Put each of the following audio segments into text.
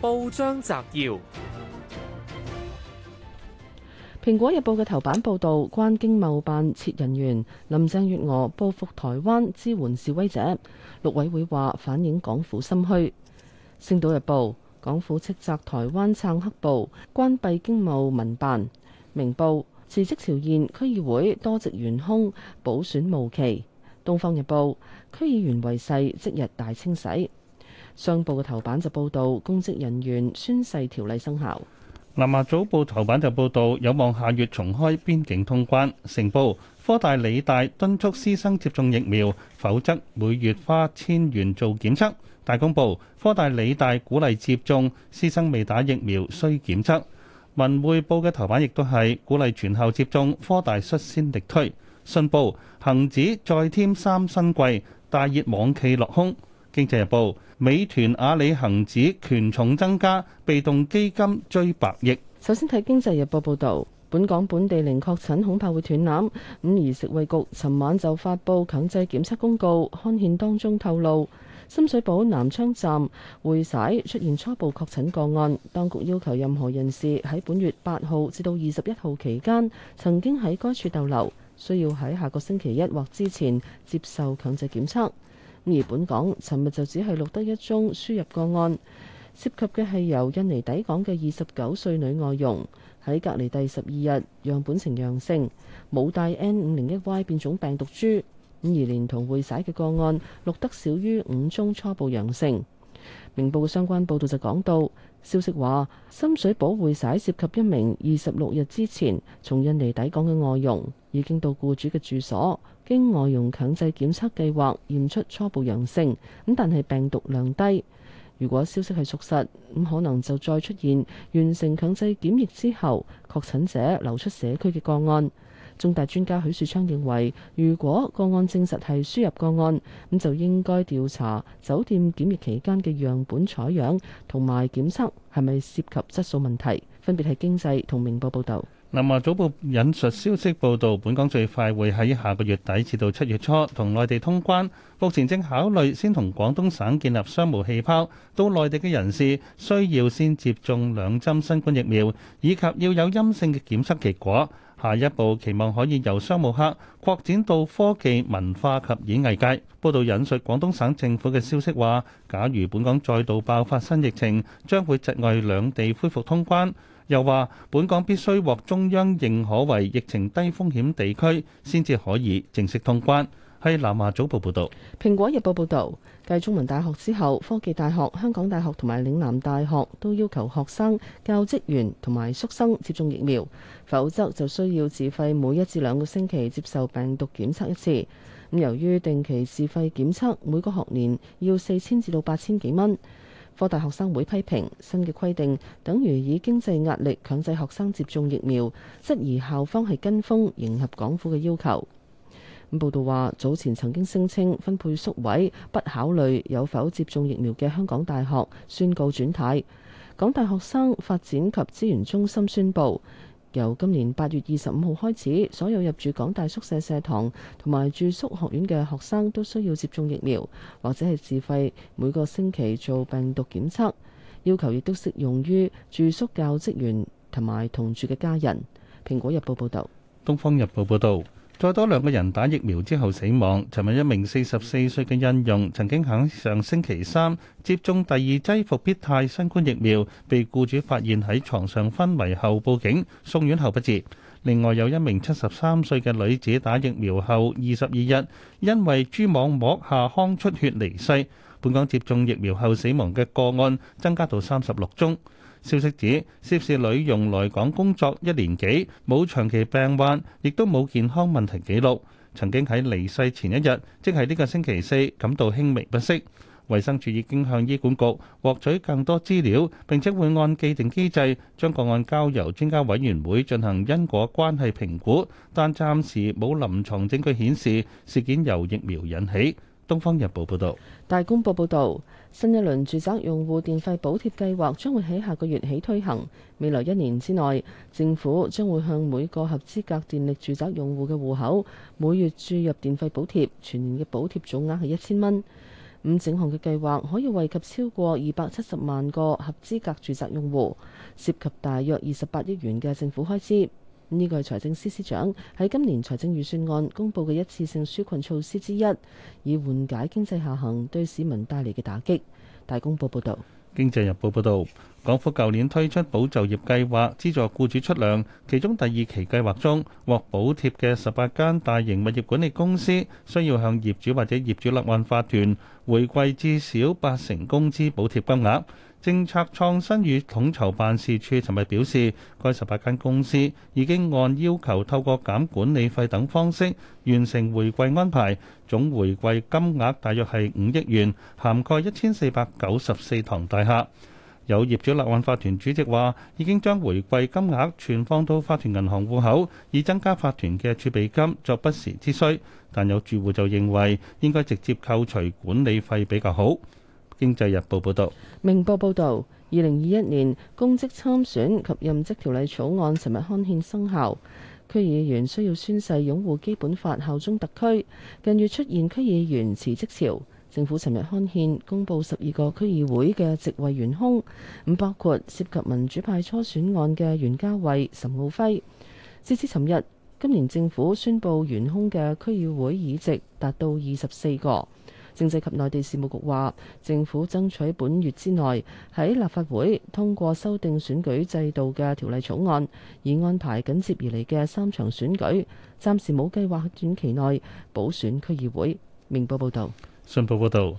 報章摘要：《蘋果日報》嘅頭版報道關經貿辦撤人員，林鄭月娥報復台灣支援示威者，陸委會話反映港府心虛。《星島日報》港府斥責台灣撐黑暴，關閉經貿民辦。《明報》辭職潮現區議會多席懸空，補選無期。《東方日報》區議員為勢即日大清洗。上報嘅頭版就報道公職人員宣誓條例生效。經濟日報，美團、阿里恒指權重增加，被動基金追百億。首先睇經濟日報報道，本港本地零確診恐怕會斷纜。五而食衛局尋晚就發布強制檢測公告，刊憲，當中透露，深水埗南昌站匯璽出現初步確診個案，當局要求任何人士喺本月八號至到二十一號期間曾經喺該處逗留，需要喺下個星期一或之前接受強制檢測。而本港尋日就只係錄得一宗輸入個案，涉及嘅係由印尼抵港嘅二十九歲女外傭，喺隔離第十二日樣本呈陽性，冇帶 N 五零一 Y 變種病毒株。咁而連同會曬嘅個案錄得少於五宗初步陽性。明報相關報導就講到。消息話，深水埗會社涉及一名二十六日之前從印尼抵港嘅外傭，已經到雇主嘅住所，經外傭強制檢測計劃驗出初步陽性，咁但係病毒量低。如果消息係屬實，咁可能就再出現完成強制檢疫之後確診者流出社區嘅個案。中大專家許樹昌認為，如果個案證實係輸入個案，咁就應該調查酒店檢疫期間嘅樣本採樣同埋檢測係咪涉及質素問題。分別係經濟同明報報導。南華早報引述消息報導，本港最快會喺下個月底至到七月初同內地通關，目前正考慮先同廣東省建立商務氣泡，到內地嘅人士需要先接種兩針新冠疫苗，以及要有陰性嘅檢測結果。下一步期望可以由商務客擴展到科技、文化及演藝界。報道引述廣東省政府嘅消息話，假如本港再度爆發新疫情，將會窒礙兩地恢復通關，又話本港必須獲中央認可為疫情低風險地區先至可以正式通關。係南華早報報道。蘋果日報報道，繼中文大學之後，科技大學、香港大學同埋嶺南大學都要求學生、教職員同埋宿生接種疫苗，否則就需要自費每一至兩個星期接受病毒檢測一次。咁由於定期自費檢測，每個學年要四千至到八千幾蚊。科大學生會批評新嘅規定等於以經濟壓力強制學生接種疫苗，質疑校方係跟風迎合港府嘅要求。報道話，早前曾經聲稱分配宿位不考慮有否接種疫苗嘅香港大學宣告轉軚。港大學生發展及資源中心宣布，由今年八月二十五號開始，所有入住港大宿舍、社堂同埋住宿學院嘅學生都需要接種疫苗，或者係自費每個星期做病毒檢測。要求亦都適用於住宿教職員同埋同住嘅家人。《蘋果日報》報導。《東方日報》報導。再多兩個人打疫苗之後死亡。尋日一名四十四歲嘅印傭曾經喺上星期三接種第二劑復必泰新冠疫苗，被僱主發現喺床上昏迷後報警，送院後不治。另外有一名七十三歲嘅女子打疫苗後二十二日，因為蛛網膜下腔出血離世。本港接種疫苗後死亡嘅個案增加到三十六宗。消息指，涉事女傭來港工作一年幾，冇長期病患，亦都冇健康問題記錄。曾經喺離世前一日，即係呢個星期四，感到輕微不適。衛生署已經向醫管局獲取更多資料，並且會按既定機制將個案交由專家委員會進行因果關係評估，但暫時冇臨牀證據顯示事件由疫苗引起。《東方日報》報道，《大公報》報導，新一輪住宅用戶電費補貼計劃將會喺下個月起推行。未來一年之內，政府將會向每個合資格電力住宅用戶嘅戶口每月注入電費補貼，全年嘅補貼總額係一千蚊。五整項嘅計劃可以惠及超過二百七十萬個合資格住宅用戶，涉及大約二十八億元嘅政府開支。呢個係財政司司長喺今年財政預算案公佈嘅一次性紓困措施之一，以緩解經濟下行對市民帶嚟嘅打擊。大公報報導，《經濟日報》報導，港府舊年推出保就業計劃，資助雇主出糧，其中第二期計劃中獲補貼嘅十八間大型物業管理公司，需要向業主或者業主立案法團回饋至少八成工資補貼金額。政策創新與統籌辦事處尋日表示，該十八間公司已經按要求透過減管理費等方式完成回饋安排，總回饋金額大約係五億元，涵蓋一千四百九十四幢大廈。有業主立案法團主席話，已經將回饋金額存放到法團銀行戶口，以增加法團嘅儲備金作不時之需。但有住戶就認為，應該直接扣除管理費比較好。《經濟日報，報道》報導，《明報，報道》報導，二零二一年公職參選及任職條例草案，尋日刊憲生效。區議員需要宣誓擁護基本法、效忠特區。近日出現區議員辭職潮，政府尋日刊憲公佈十二個區議會嘅席位懸空，唔包括涉及民主派初選案嘅袁嘉蔚、岑敖暉。截至尋日，今年政府宣佈懸空嘅區議會議席達到二十四個。政制及內地事務局話，政府爭取本月之內喺立法會通過修訂選舉制度嘅條例草案，以安排緊接而嚟嘅三場選舉。暫時冇計劃短期內補選區議會。明報報道，信報報道，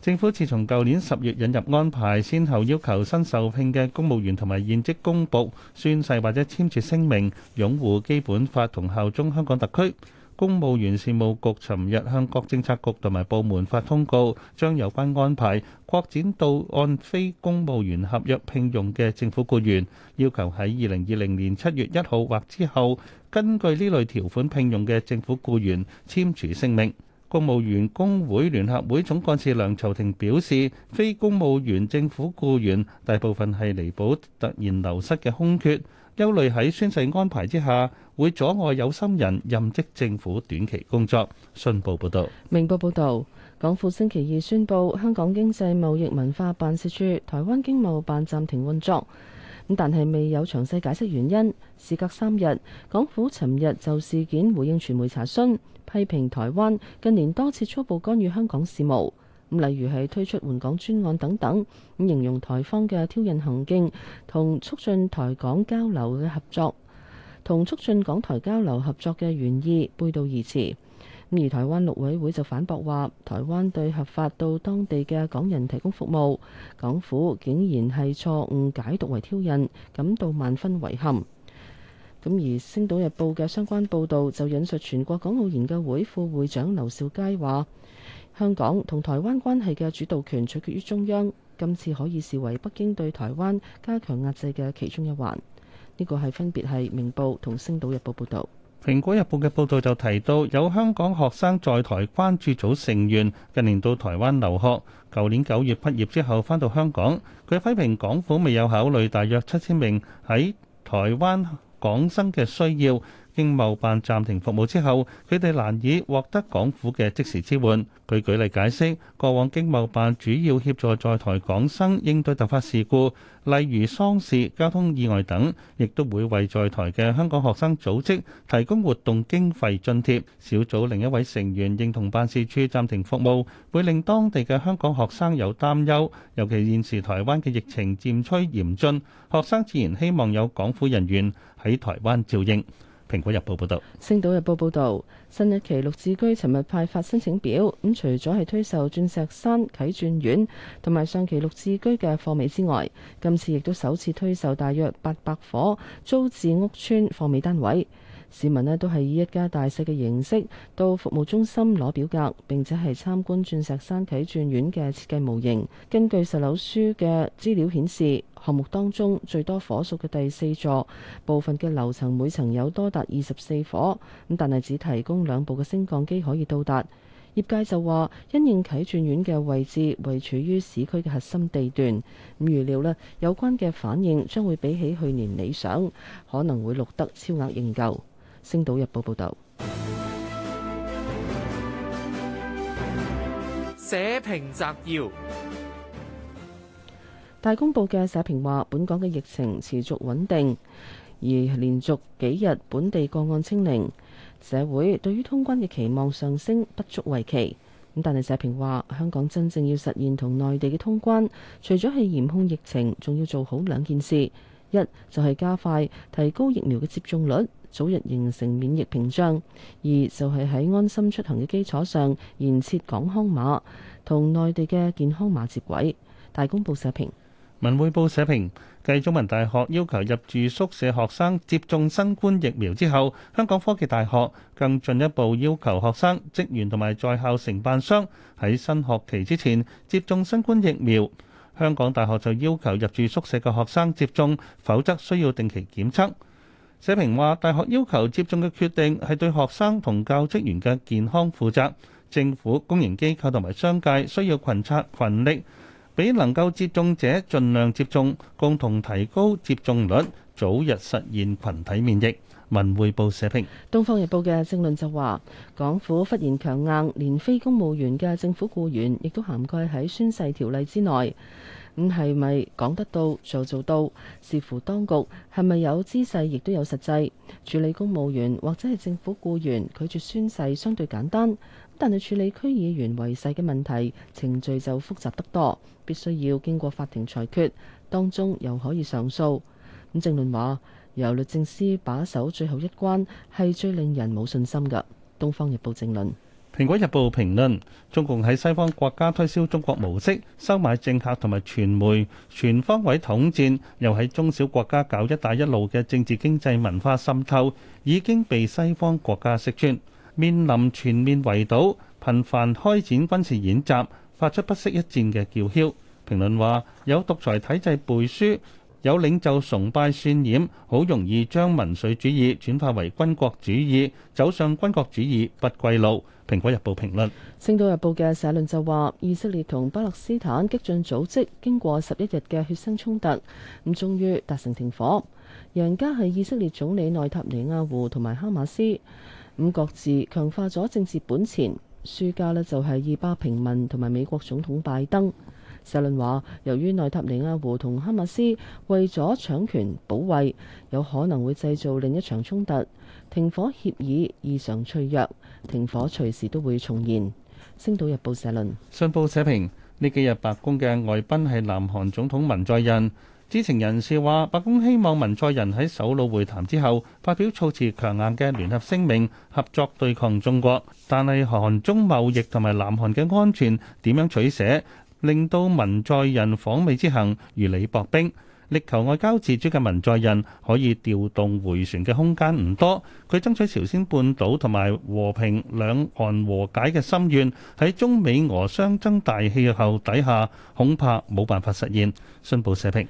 政府自從舊年十月引入安排，先後要求新受聘嘅公務員同埋現職公僕宣誓或者簽署聲明，擁護基本法同效忠香港特區。公務員事務局尋日向各政策局同埋部門發通告，將有關安排擴展到按非公務員合約聘用嘅政府雇員，要求喺二零二零年七月一號或之後，根據呢類條款聘用嘅政府雇員簽署聲明。公務員工會聯合會總幹事梁籌庭表示，非公務員政府雇員大部分係彌補突然流失嘅空缺。憂慮喺宣誓安排之下，會阻礙有心人任職政府短期工作。信報報道，明報報道，港府星期二宣布香港經濟貿易文化辦事處台灣經貿辦暫停運作，咁但係未有詳細解釋原因。事隔三日，港府尋日就事件回應傳媒查詢，批評台灣近年多次粗暴干預香港事務。例如係推出援港專案等等，咁形容台方嘅挑釁行徑同促進台港交流嘅合作，同促進港台交流合作嘅原意背道而馳。而台灣陸委會就反駁話，台灣對合法到當地嘅港人提供服務，港府竟然係錯誤解讀為挑釁，感到萬分遺憾。咁而《星島日報》嘅相關報導就引述全國港澳研究會副會長劉兆佳話。香港同台灣關係嘅主導權取決於中央，今次可以視為北京對台灣加強壓制嘅其中一環。呢個係分別係《明報》同《星島日報》報導。《蘋果日報》嘅報導就提到，有香港學生在台關注組成員近年到台灣留學，舊年九月畢業之後返到香港，佢批評港府未有考慮大約七千名喺台灣港生嘅需要。經貿辦暫停服務之後，佢哋難以獲得港府嘅即時支援。佢舉例解釋，過往經貿辦主要協助在台港生應對突發事故，例如喪事、交通意外等，亦都會為在台嘅香港學生組織提供活動經費津貼。小組另一位成員認同，辦事處暫停服務會令當地嘅香港學生有擔憂，尤其現時台灣嘅疫情漸趨嚴峻，學生自然希望有港府人員喺台灣照應。蘋果日報報道，星島日報報道，新一期六字居尋日派發申請表，咁除咗係推售鑽石山啟鑽苑同埋上期六字居嘅貨尾之外，今次亦都首次推售大約八百伙租置屋邨貨尾單位。市民呢都係以一家大細嘅形式到服務中心攞表格，並且係參觀鑽石山啟鑽苑嘅設計模型。根據售樓書嘅資料顯示，項目當中最多伙數嘅第四座部分嘅樓層每層有多達二十四伙，咁但係只提供兩部嘅升降機可以到達。業界就話，因應啟鑽苑嘅位，位置位處於市區嘅核心地段，唔預料咧有關嘅反應將會比起去年理想，可能會錄得超額認購。《星島日報》報道，社評摘要：大公報嘅社評話，本港嘅疫情持續穩定，而連續幾日本地個案清零，社會對於通關嘅期望上升，不足為奇。咁但係社評話，香港真正要實現同內地嘅通關，除咗係嚴控疫情，仲要做好兩件事，一就係加快提高疫苗嘅接種率。早日形成免疫屏障，二就係喺安心出行嘅基礎上延設港康碼同內地嘅健康碼接軌。大公報社評，文匯報社評，繼中文大學要求入住宿舍學生接種新冠疫苗之後，香港科技大學更進一步要求學生、職員同埋在校承辦商喺新學期之前接種新冠疫苗。香港大學就要求入住宿舍嘅學生接種，否則需要定期檢測。社評話：大學要求接種嘅決定係對學生同教職員嘅健康負責。政府、公營機構同埋商界需要群策群力，俾能夠接種者盡量接種，共同提高接種率，早日實現群體免疫。文匯報社評，《東方日報》嘅政論就話：港府忽然強硬，連非公務員嘅政府雇員亦都涵蓋喺宣誓條例之內。咁係咪講得到就做,做到？視乎當局係咪有姿勢，亦都有實際。處理公務員或者係政府雇員拒絕宣誓相對簡單，但係處理區議員違誓嘅問題程序就複雜得多，必須要經過法庭裁決，當中又可以上訴。咁政論話。由律政司把守最後一關，係最令人冇信心嘅。《東方日報》正論，《蘋果日報》評論，中共喺西方國家推銷中國模式，收買政客同埋傳媒，全方位統戰，又喺中小國家搞一帶一路嘅政治經濟文化滲透，已經被西方國家識穿，面臨全面圍堵，頻繁開展軍事演習，發出不惜一戰嘅叫囂。評論話有獨裁體制背書。有領袖崇拜渲染，好容易將民粹主義轉化為軍國主義，走上軍國主義不歸路。《蘋果日報》評論，《星島日報》嘅社論就話：以色列同巴勒斯坦激進組織經過十一日嘅血腥衝突，咁終於達成停火。贏家係以色列總理內塔尼亞胡同埋哈馬斯，五各自強化咗政治本錢。輸家呢就係以巴平民同埋美國總統拜登。社論話，由於內塔尼亞胡同哈馬斯為咗搶權保衛，有可能會製造另一場衝突。停火協議異常脆弱，停火隨時都會重燃。《星島日報》社論。信報社評：呢幾日白宮嘅外賓係南韓總統文在寅，知情人士話，白宮希望文在寅喺首腦會談之後發表措辭強硬嘅聯合聲明，合作對抗中國。但係韓中貿易同埋南韓嘅安全點樣取捨？令到文在寅訪美之行如履薄冰，力求外交自主嘅文在寅可以調動回旋嘅空間唔多。佢爭取朝鮮半島同埋和平兩岸和解嘅心願，喺中美俄相爭大氣候底下，恐怕冇辦法實現。信報社評。